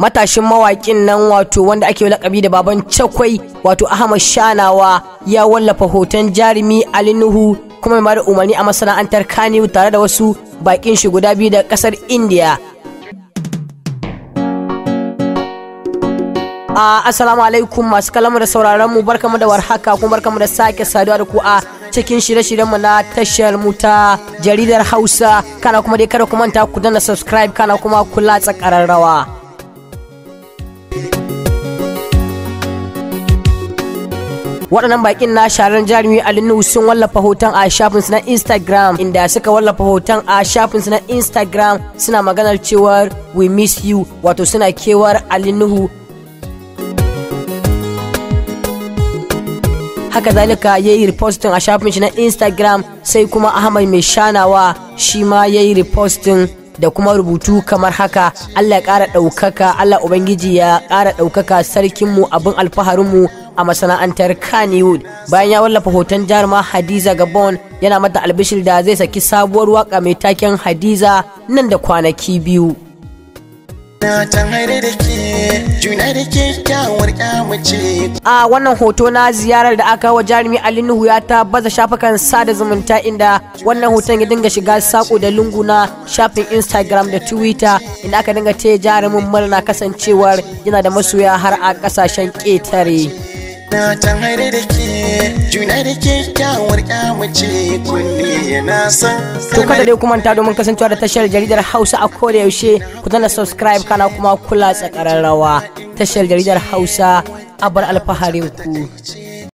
matashin mawaƙin nan wato wanda ake lakabi da baban cakwai wato ahmad shanawa ya wallafa hoton jarumi alinuhu kuma mai da umarni a masana'antar kaniyu tare da wasu baƙin shi guda biyu da kasar indiya a assalamu alaikum masu kalamu da sauraron mu barkamu da warhaka kuma barkamu da sake saduwa da ku a cikin shirye-shiryenmu na tashar mu ta jaridar hausa kana kuma dai kada ku manta ku danna subscribe kana kuma kula tsakararrawa waɗannan bakin na sharan jarumi Nuhu sun wallafa hoton a shafinsu na instagram inda suka wallafa hoton a shafinsu na instagram suna maganar cewar we miss you wato suna kewar alinuhu haka zalika ya yi repostin a shafin na instagram sai kuma ahmad mai shanawa shi ma ya yi repostin da kuma rubutu kamar haka Allah ya ƙara ɗaukaka Allah Ubangiji ya ƙara ɗaukaka sarkinmu abin alfaharinmu a masana'antar Kannywood bayan ya wallafa hoton jaruma Hadiza Gabon yana mata albishir da zai saki sabuwar waka mai taken Hadiza nan da kwanaki biyu. a wannan hoto na ziyarar da aka wa jarumi Ali Nuhu ya ta baza shafukan sada zumunta inda wannan hoton ya dinga shiga sako da lungu na shafin Instagram da Twitter inda aka dinga taya jarumin murna kasancewar yana da masoya har a kasashen ƙetare na ta haire da ke juna da ke kyawar kyamace kulle yana san to kada dai kuma ta domin kasancewa da tashar jaridar hausa a koda yaushe ku tana subscribe kana kuma kula tsakararrawa tashar jaridar hausa a bar alfaharin ku